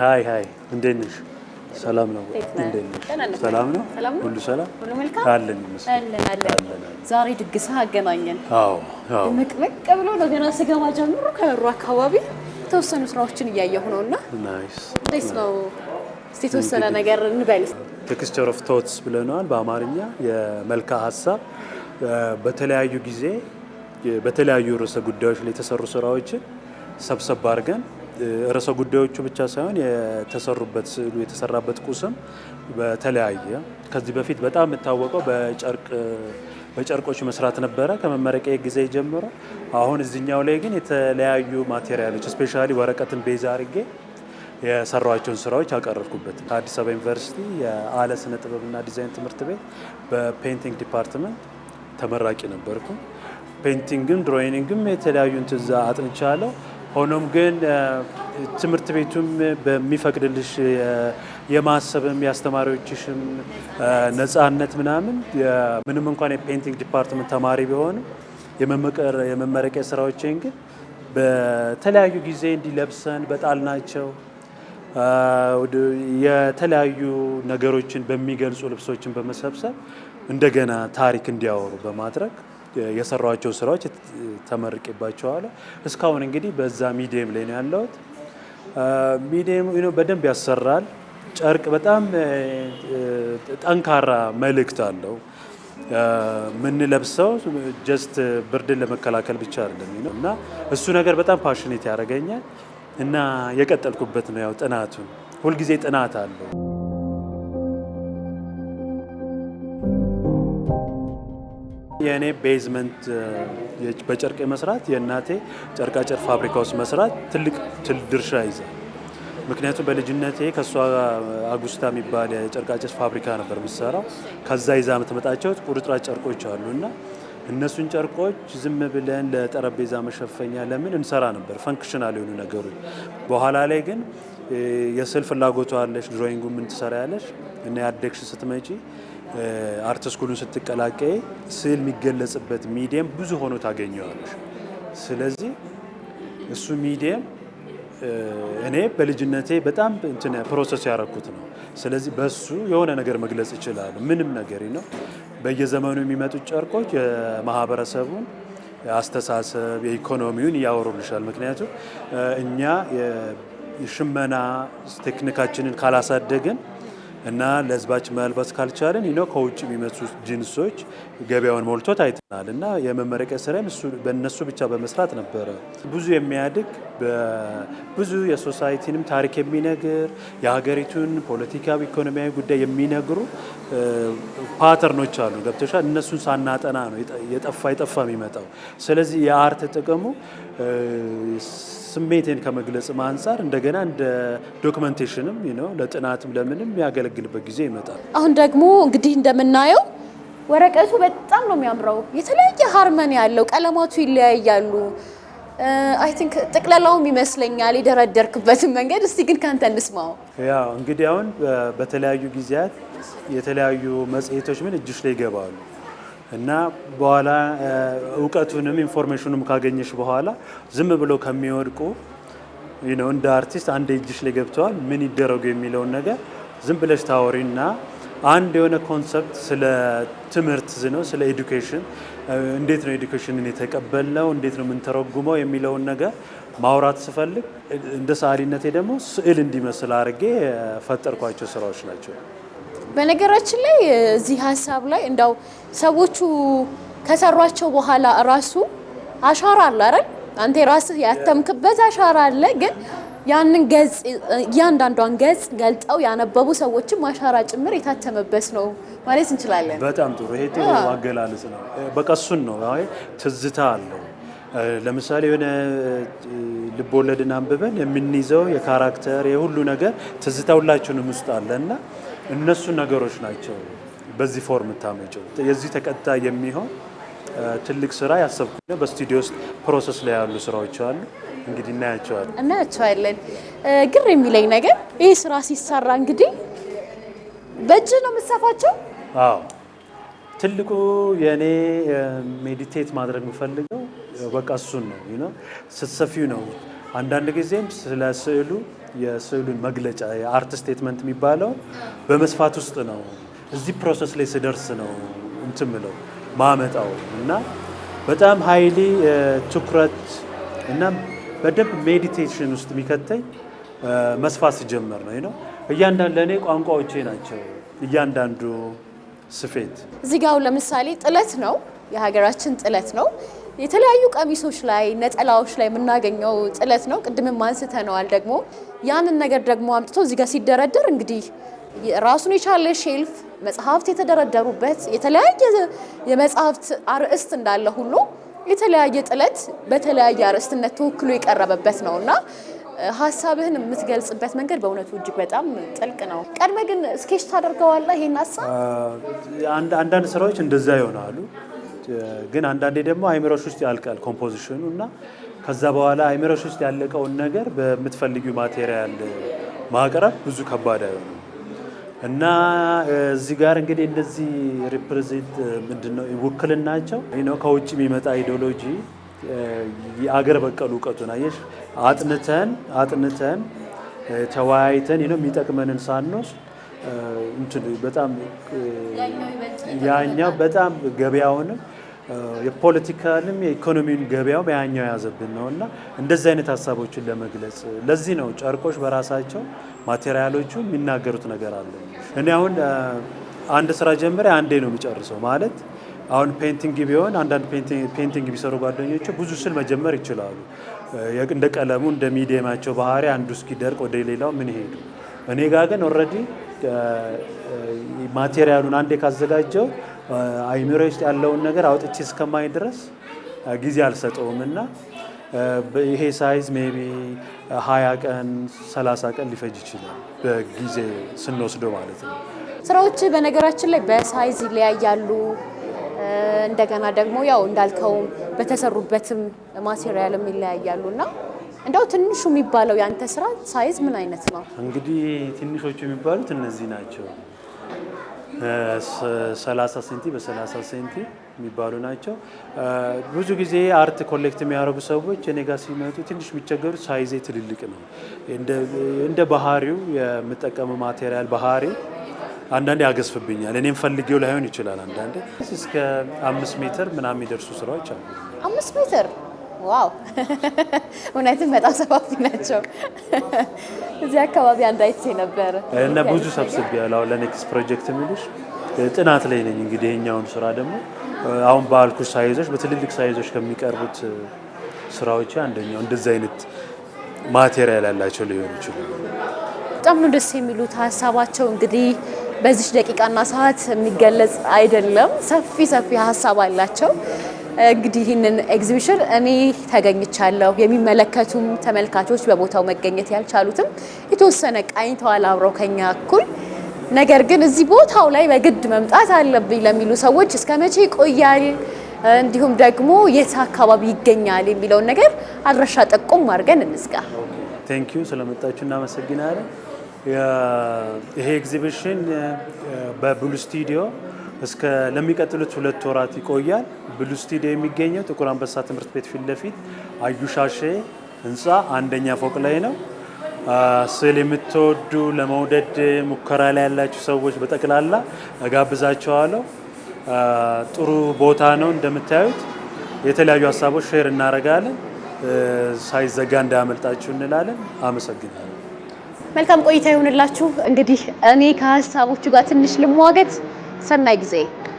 ሀይ ሀይ፣ እንዴት ነሽ? ሰላም ነው። እንዴት ነሽ? ሰላም ነው። ሁሉ ሰላም፣ ሁሉ መልካም አለን ይመስላል። ዛሬ ድግስ አገናኘን። አዎ፣ አዎ። መቅመቅ ብሎ ነው። ገና ስገባ ጀምሮ ከበሩ አካባቢ የተወሰኑ ስራዎችን እያየሁ ነው። እና ናይስ፣ ደስ ነው። እስቲ የተወሰነ ነገር እንበል። ቴክስቸር ኦፍ ቶትስ ብለነዋል በአማርኛ የመልካ ሀሳብ በተለያዩ ጊዜ በተለያዩ ርዕሰ ጉዳዮች ላይ የተሰሩ ስራዎችን ሰብሰብ አድርገን ርዕሰ ጉዳዮቹ ብቻ ሳይሆን የተሰሩበት ስዕሉ የተሰራበት ቁስም በተለያየ ከዚህ በፊት በጣም የምታወቀው በጨርቅ በጨርቆች መስራት ነበረ ከመመረቂያ ጊዜ ጀምሮ። አሁን እዚኛው ላይ ግን የተለያዩ ማቴሪያሎች ስፔሻሊ ወረቀትን ቤዛ አድርጌ የሰሯቸውን ስራዎች አቀረብኩበት ከአዲስ አበባ ዩኒቨርሲቲ የአለ ስነ ጥበብና ዲዛይን ትምህርት ቤት በፔንቲንግ ዲፓርትመንት ተመራቂ ነበርኩ። ፔንቲንግም ድሮይኒንግም የተለያዩ እንትዛ አጥንቻለሁ። ሆኖም ግን ትምህርት ቤቱም በሚፈቅድልሽ የማሰብም የአስተማሪዎችሽም ነፃነት ምናምን ምንም እንኳን የፔንቲንግ ዲፓርትመንት ተማሪ ቢሆንም የመመረቂያ ስራዎችን ግን በተለያዩ ጊዜ እንዲለብሰን በጣል ናቸው የተለያዩ ነገሮችን በሚገልጹ ልብሶችን በመሰብሰብ እንደገና ታሪክ እንዲያወሩ በማድረግ የሰሯቸው ስራዎች ተመርቄባቸዋል። እስካሁን እንግዲህ በዛ ሚዲየም ላይ ነው ያለሁት። ሚዲየም በደንብ ያሰራል። ጨርቅ በጣም ጠንካራ መልእክት አለው። የምንለብሰው ጀስት ብርድን ለመከላከል ብቻ አይደለም እና እሱ ነገር በጣም ፓሽኔት ያደርገኛል እና የቀጠልኩበት ነው። ያው ጥናቱን ሁልጊዜ ጥናት አለው። የእኔ ቤዝመንት በጨርቅ መስራት የእናቴ ጨርቃጨርቅ ፋብሪካ ውስጥ መስራት ትልቅ ድርሻ ይዛል። ምክንያቱም በልጅነቴ ከእሷ አጉስታ የሚባል የጨርቃጨርቅ ፋብሪካ ነበር የምትሰራው። ከዛ ይዛ የምትመጣቸው ቁርጥራጭ ጨርቆች አሉ እና እነሱን ጨርቆች ዝም ብለን ለጠረጴዛ መሸፈኛ ለምን እንሰራ ነበር፣ ፈንክሽናል የሆኑ ነገሮች። በኋላ ላይ ግን የስዕል ፍላጎቱ አለሽ፣ ድሮይንጉ ምን ትሰራ ያለሽ እና ያደግሽ ስትመጪ አርት ስኩሉን ስትቀላቀይ ስዕል የሚገለጽበት ሚዲየም ብዙ ሆኖ ታገኘዋለሽ። ስለዚህ እሱ ሚዲየም እኔ በልጅነቴ በጣም እንትን ፕሮሰስ ያደረኩት ነው። ስለዚህ በሱ የሆነ ነገር መግለጽ ይችላሉ። ምንም ነገር ነው። በየዘመኑ የሚመጡ ጨርቆች የማህበረሰቡን አስተሳሰብ፣ የኢኮኖሚውን እያወሩልሻል። ምክንያቱም እኛ የሽመና ቴክኒካችንን ካላሳደግን እና ለህዝባችን መልበስ ካልቻለን ይህ ከውጭ የሚመጡ ጂንሶች ገበያውን ሞልቶት አይተናል። እና የመመረቂያ ስራም በእነሱ ብቻ በመስራት ነበረ። ብዙ የሚያድግ ብዙ የሶሳይቲንም ታሪክ የሚነግር የሀገሪቱን ፖለቲካዊ፣ ኢኮኖሚያዊ ጉዳይ የሚነግሩ ፓተርኖች አሉ። ገብተሻ እነሱን ሳናጠና ነው የጠፋ የጠፋ የሚመጣው። ስለዚህ የአርት ጥቅሙ ስሜቴን ከመግለጽ አንጻር እንደገና እንደ ዶክመንቴሽንም ነው ለጥናትም ለምንም የሚያገለግልበት ጊዜ ይመጣል። አሁን ደግሞ እንግዲህ እንደምናየው ወረቀቱ በጣም ነው የሚያምረው። የተለያየ ሀርመን ያለው ቀለማቱ ይለያያሉ። አይ uh, ቲንክ ጠቅላላውም ይመስለኛል የደረደርክበትን መንገድ። እስቲ ግን ካንተ እንስማው። ያው እንግዲህ አሁን uh, በተለያዩ ጊዜያት የተለያዩ መጽሔቶች ምን እጅሽ ላይ ይገባሉ እና በኋላ uh, እውቀቱንም ኢንፎርሜሽኑም ካገኘሽ በኋላ ዝም ብሎ ከሚወድቁ እንደ አርቲስት አንድ እጅሽ ላይ ገብተዋል ምን ይደረጉ የሚለውን ነገር ዝም ብለሽ ታወሪና አንድ የሆነ ኮንሰፕት ስለ ትምህርት ነው፣ ስለ ኤዱኬሽን እንዴት ነው ኤዱኬሽንን የተቀበልነው እንዴት ነው የምንተረጉመው የሚለውን ነገር ማውራት ስፈልግ እንደ ሰዓሊነቴ ደግሞ ስዕል እንዲመስል አድርጌ የፈጠርኳቸው ስራዎች ናቸው። በነገራችን ላይ እዚህ ሀሳብ ላይ እንዳው ሰዎቹ ከሰሯቸው በኋላ ራሱ አሻራ አለ አይደል? አንተ ራስህ ያተምክበት አሻራ አለ ግን ያንን ገጽ እያንዳንዷን ገጽ ገልጠው ያነበቡ ሰዎችን ማሻራ ጭምር የታተመበት ነው ማለት እንችላለን። በጣም ጥሩ ይሄ ጥሩ አገላለጽ ነው። በቃ እሱን ነው አይ ትዝታ አለው። ለምሳሌ የሆነ ልቦወለድን አንብበን የምንይዘው የካራክተር የሁሉ ነገር ትዝታ ሁላችንም ውስጥ አለ እና እነሱ ነገሮች ናቸው በዚህ ፎርም ታመጪው የዚህ ተቀጣይ የሚሆን ትልቅ ስራ ያሰብኩ በስቱዲዮ ውስጥ ፕሮሰስ ላይ ያሉ ስራዎች አሉ። እንግዲህ እናያቸዋለን እናያቸዋለን። ግር የሚለኝ ነገር ይህ ስራ ሲሰራ እንግዲህ በእጅ ነው የምትሰፋቸው? አዎ ትልቁ የእኔ ሜዲቴት ማድረግ የምፈልገው በቃ እሱን ነው። ስትሰፊው ነው አንዳንድ ጊዜም ስለ ስዕሉ የስዕሉን መግለጫ የአርት ስቴትመንት የሚባለው በመስፋት ውስጥ ነው። እዚህ ፕሮሰስ ላይ ስደርስ ነው እንትምለው ማመጣው እና በጣም ሀይሊ ትኩረት እና በደንብ ሜዲቴሽን ውስጥ የሚከተኝ መስፋት ሲጀመር ነው ነው። እያንዳንዱ ለእኔ ቋንቋዎቼ ናቸው። እያንዳንዱ ስፌት እዚህ ጋር ለምሳሌ ጥለት ነው፣ የሀገራችን ጥለት ነው። የተለያዩ ቀሚሶች ላይ ነጠላዎች ላይ የምናገኘው ጥለት ነው። ቅድምም አንስተነዋል። ደግሞ ያንን ነገር ደግሞ አምጥቶ እዚህ ጋር ሲደረደር እንግዲህ ራሱን የቻለ ሼልፍ መጽሐፍት የተደረደሩበት የተለያየ የመጽሐፍት አርዕስት እንዳለ ሁሉ የተለያየ ጥለት በተለያየ አርዕስትነት ተወክሎ የቀረበበት ነው እና ሀሳብህን የምትገልጽበት መንገድ በእውነቱ እጅግ በጣም ጥልቅ ነው። ቀድመ ግን ስኬች ታደርገዋለህ ይሄን ሀሳብ? አንዳንድ ስራዎች እንደዛ ይሆናሉ፣ ግን አንዳንዴ ደግሞ አይምሮሽ ውስጥ ያልቃል ኮምፖዚሽኑ እና ከዛ በኋላ አይምሮሽ ውስጥ ያለቀውን ነገር በምትፈልጊው ማቴሪያል ማቅረብ ብዙ ከባድ አይሆንም። እና እዚህ ጋር እንግዲህ እንደዚህ ሪፕሬዘንት ምንድን ነው ውክልናቸው ነው ከውጭ የሚመጣ አይዲሎጂ የአገር በቀል እውቀቱን አየሽ አጥንተን አጥንተን ተወያይተን ነው የሚጠቅመንን ሳንወስድ እንትን በጣም ያኛው በጣም ገበያውንም የፖለቲካንም የኢኮኖሚን ገበያው በያኛው የያዘብን ነው እና እንደዚህ አይነት ሀሳቦችን ለመግለጽ ለዚህ ነው ጨርቆች በራሳቸው ማቴሪያሎቹ የሚናገሩት ነገር አለ። እኔ አሁን አንድ ስራ ጀምሬ አንዴ ነው የሚጨርሰው ማለት አሁን ፔንቲንግ ቢሆን አንዳንድ ፔንቲንግ ቢሰሩ ጓደኞች ብዙ ስል መጀመር ይችላሉ። እንደ ቀለሙ እንደ ሚዲየማቸው ባህሪ አንዱ እስኪደርቅ ወደ ሌላው ምን ይሄዱ። እኔ ጋ ግን ኦልሬዲ ማቴሪያሉን አንዴ ካዘጋጀው አይምሮ ውስጥ ያለውን ነገር አውጥቼ እስከማይ ድረስ ጊዜ አልሰጠውም እና ይሄ ሳይዝ ሜቢ ሀያ ቀን ሰላሳ ቀን ሊፈጅ ይችላል በጊዜ ስንወስደው ማለት ነው። ስራዎች በነገራችን ላይ በሳይዝ ይለያያሉ። እንደገና ደግሞ ያው እንዳልከውም በተሰሩበትም ማቴሪያልም ይለያያሉ እና እንደው ትንሹ የሚባለው ያንተ ስራ ሳይዝ ምን አይነት ነው? እንግዲህ ትንሾቹ የሚባሉት እነዚህ ናቸው። ሰላሳ ሴንቲ በሰላሳ ሴንቲ የሚባሉ ናቸው። ብዙ ጊዜ አርት ኮሌክት የሚያደርጉ ሰዎች እኔ ጋር ሲመጡ ትንሽ የሚቸገሩት ሳይዜ ትልልቅ ነው። እንደ ባህሪው የምጠቀመ ማቴሪያል ባህሪ አንዳንዴ ያገዝፍብኛል። እኔም ፈልጌው ላይሆን ይችላል። አንዳንዴ እስከ አምስት ሜትር ምናምን የሚደርሱ ስራዎች አሉ። አምስት ሜትር ዋው እውነትም በጣም ሰፋፊ ናቸው። እዚህ አካባቢ አንድ አይቼ ነበረ እና ብዙ ሰብስቤ ያለው ለኔክስት ፕሮጀክት የሚሉሽ ጥናት ላይ ነኝ። እንግዲህ የኛውን ስራ ደግሞ አሁን ባልኩሽ ሳይዞች በትልልቅ ሳይዞች ከሚቀርቡት ስራዎች አንደኛው እንደዚህ አይነት ማቴሪያል ያላቸው ሊሆን ይችላል። በጣም ነው ደስ የሚሉት ሀሳባቸው እንግዲህ በዚህ ደቂቃና ሰዓት የሚገለጽ አይደለም። ሰፊ ሰፊ ሀሳብ አላቸው። እንግዲህ ይህንን ኤግዚቢሽን እኔ ተገኝቻለሁ። የሚመለከቱም ተመልካቾች በቦታው መገኘት ያልቻሉትም የተወሰነ ቃኝተዋል አብረው ከኛ እኩል። ነገር ግን እዚህ ቦታው ላይ በግድ መምጣት አለብኝ ለሚሉ ሰዎች እስከ መቼ ይቆያል፣ እንዲሁም ደግሞ የት አካባቢ ይገኛል የሚለውን ነገር አድራሻ ጠቆም አድርገን እንዝጋ። ቴንኪዩ ስለመጣችሁ እናመሰግናለን። ይሄ ኤግዚቢሽን በብሉ ስቱዲዮ እስከ ለሚቀጥሉት ሁለት ወራት ይቆያል። ብሉ ስቱዲዮ የሚገኘው ጥቁር አንበሳ ትምህርት ቤት ፊት ለፊት አዩሻሼ ህንፃ አንደኛ ፎቅ ላይ ነው። ስዕል የምትወዱ ለመውደድ ሙከራ ላይ ያላችሁ ሰዎች በጠቅላላ እጋብዛቸዋለሁ። ጥሩ ቦታ ነው። እንደምታዩት የተለያዩ ሀሳቦች ሼር እናደርጋለን። ሳይዘጋ እንዳያመልጣችሁ እንላለን። አመሰግናለሁ። መልካም ቆይታ ይሆንላችሁ። እንግዲህ እኔ ከሀሳቦቹ ጋር ትንሽ ልሟገት It's a Magazine.